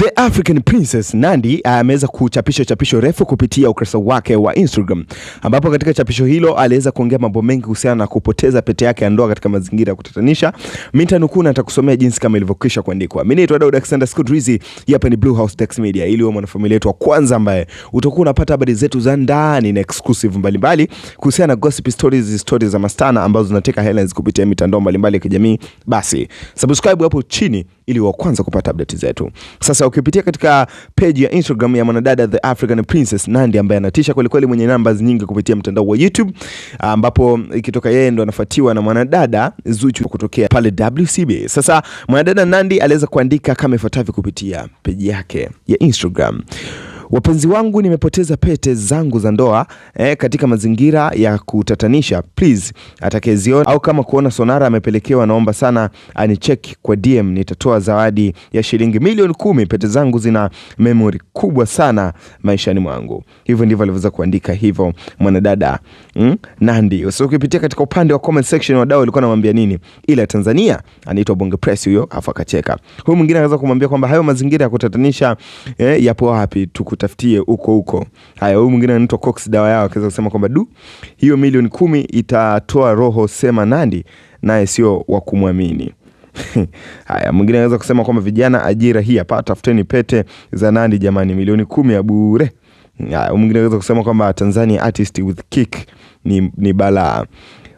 The African Princess Nandi ah, ameweza kuchapisha chapisho refu kupitia ukurasa wake wa Instagram, ambapo katika chapisho hilo aliweza kuongea mambo mengi kuhusiana na kupoteza pete yake ya ndoa katika mazingira ya kutatanisha. Mimi nukuu na atakusomea jinsi kama ilivyokwisha kuandikwa. Mimi naitwa Daud Alexander Scott Rizzi, hapa ni Blue House Dax Media, ili uwe mwanafamilia yetu wa kwanza ambaye utakuwa unapata habari zetu za ndani na exclusive mbalimbali kuhusiana na gossip stories, stories za mastana ambazo zinateka headlines kupitia mitandao mbalimbali ya kijamii. Basi subscribe hapo chini ili wa kwanza kupata update zetu. Sasa ukipitia katika page ya Instagram ya mwanadada The African Princess Nandy ambaye anatisha kweli kweli, mwenye numbers nyingi kupitia mtandao wa YouTube, ambapo ikitoka yeye ndo anafuatiwa na mwanadada Zuchu kutokea pale WCB. Sasa mwanadada Nandy aliweza kuandika kama ifuatavyo kupitia page yake ya Instagram. Wapenzi wangu, nimepoteza pete zangu za ndoa eh, katika mazingira ya kutatanisha. Please atakayeziona au kama kuona sonara amepelekewa, naomba sana anicheki kwa DM, nitatoa zawadi ya shilingi milioni kumi. Pete zangu zina memory kubwa sana maishani mwangu. Hivyo ndivyo alivyoweza kuandika hivyo mwanadada mm, Nandi. Nandy. Ukipitia katika upande wa comment section, wadau walikuwa anamwambia nini? Ila Tanzania anaitwa Bonge Press huyo, afu akacheka. Huyu mwingine anaweza kumwambia kwamba hayo mazingira ya kutatanisha eh, yapo wapi? Tuku utafutie huko huko. Haya, huyu mwingine anaitwa Cox dawa yao akaweza kusema kwamba du, hiyo milioni kumi itatoa roho sema Nandi naye sio wa kumwamini. Haya, mwingine anaweza kusema kwamba vijana, ajira hii hapa, tafuteni pete za Nandi jamani, milioni kumi ya bure. Haya, mwingine anaweza kusema kwamba Tanzania artist with kick ni, ni balaa.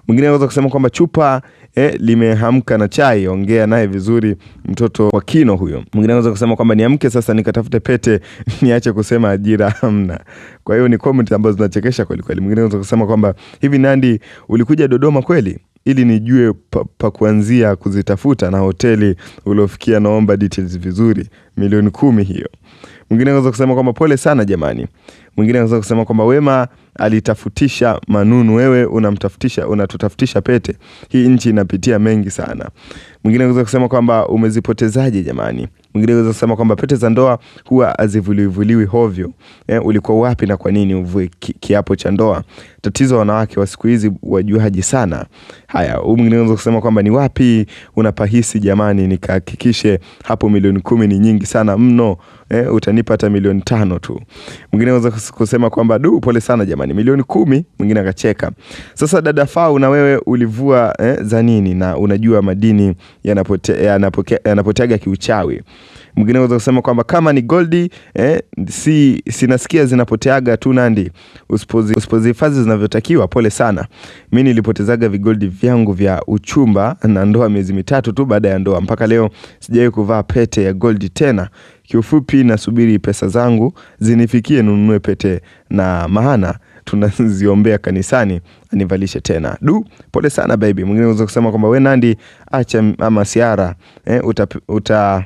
Mwingine anaweza kusema kwamba chupa e, eh, limehamka na chai, ongea naye vizuri mtoto wa kino huyo. Mwingine anaweza kusema kwamba niamke sasa nikatafute pete niache kusema ajira hamna. Kwa hiyo ni comment ambazo zinachekesha kweli kweli. Mwingine anaweza kusema kwamba hivi Nandi, ulikuja Dodoma kweli ili nijue pa, pa kuanzia kuzitafuta na hoteli uliofikia, naomba details vizuri, milioni kumi hiyo. Mwingine anaweza kusema kwamba pole sana jamani. Mwingine anaweza kusema kwamba Wema alitafutisha Manunu, wewe unamtafutisha, unatutafutisha pete. Hii nchi inapitia mengi sana. Mwingine anaweza kusema kwamba umezipotezaje jamani? Mwingine anaweza kusema kwamba pete za ndoa huwa hazivuliwivuliwi hovyo. Eh, ulikuwa wapi na kwa nini uvue ki, kiapo cha ndoa? Tatizo wanawake wa siku hizi wajuaji sana. Haya, huyu mwingine anaweza kusema kwamba ni wapi unapahisi jamani, nikahakikishe hapo milioni kumi ni nyingi sana mno. Eh, utanipa hata milioni tano tu. Mwingine anaweza kusema kwamba du, pole sana jamani jamani, milioni kumi. Mwingine akacheka. Sasa dada Fau, na wewe ulivua eh, za nini? Na unajua madini yanapoteaga yanapote, yanapote kiuchawi. Mwingine anaweza kusema kwamba kama ni goldi eh, si sinasikia zinapoteaga tu Nandi, usipozihifadhi zinavyotakiwa, pole sana. mi nilipotezaga vigoldi vyangu vya uchumba na ndoa miezi mitatu tu baada ya ndoa, mpaka leo sijawahi kuvaa pete ya goldi tena. Kiufupi, nasubiri pesa zangu zinifikie, nununue pete na maana tunaziombea kanisani anivalishe tena. Du, pole sana baby. Mwingine unaweza kusema kwamba we Nandi, acha ama siara eh, uta, uta,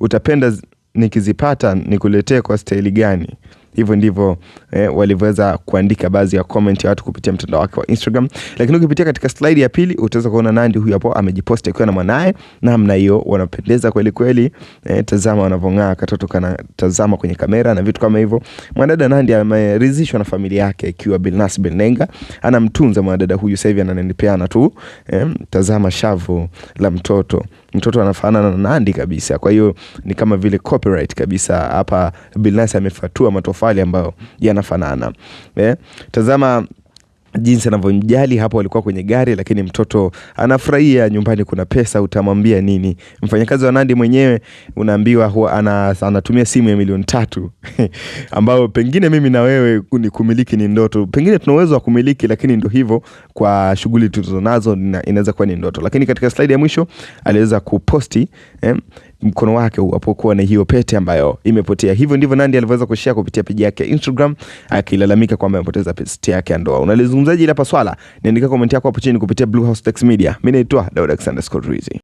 utapenda nikizipata nikuletee kwa staili gani? Hivyo ndivyo eh, walivyoweza kuandika baadhi ya comment ya watu kupitia mtandao wake wa Instagram. Lakini ukipitia katika slide ya pili utaweza kuona Nandy huyu hapo amejiposti akiwa na mwanae, namna hiyo wanapendeza kweli kweli. Eh, tazama wanavong'aa, katoto kana tazama kwenye kamera na vitu kama hivyo. Mwanadada Nandy ameridhishwa na familia yake ikiwa Bilnas Benenga anamtunza mwanadada huyu, sasa hivi ananipeana tu eh, tazama shavu la mtoto mtoto anafanana na Nandy kabisa, kwa hiyo ni kama vile copyright kabisa. Hapa Bilnas amefatua matofa mafali ambayo yanafanana eh? Tazama jinsi anavyomjali hapo. Alikuwa kwenye gari, lakini mtoto anafurahia. Nyumbani kuna pesa, utamwambia nini? Mfanyakazi wa Nandi mwenyewe unaambiwa huwa ana, anatumia simu ya milioni tatu ambayo pengine mimi na wewe ni kumiliki ni ndoto, pengine tuna uwezo wa kumiliki, lakini ndo hivyo, kwa shughuli tulizonazo inaweza kuwa ni ndoto. Lakini katika slaidi ya mwisho aliweza kuposti eh, mkono wake apokuwa na hiyo pete ambayo imepotea. Hivyo ndivyo Nandy alivyoweza kushare kupitia peji yake ya Instagram akilalamika kwamba amepoteza pete yake ya ndoa. Unalizungumzaje hapa swala? Niandika komenti yako hapo chini kupitia Blue House Text Media. Mimi naitwa Daud Alexander Scott Rizzi.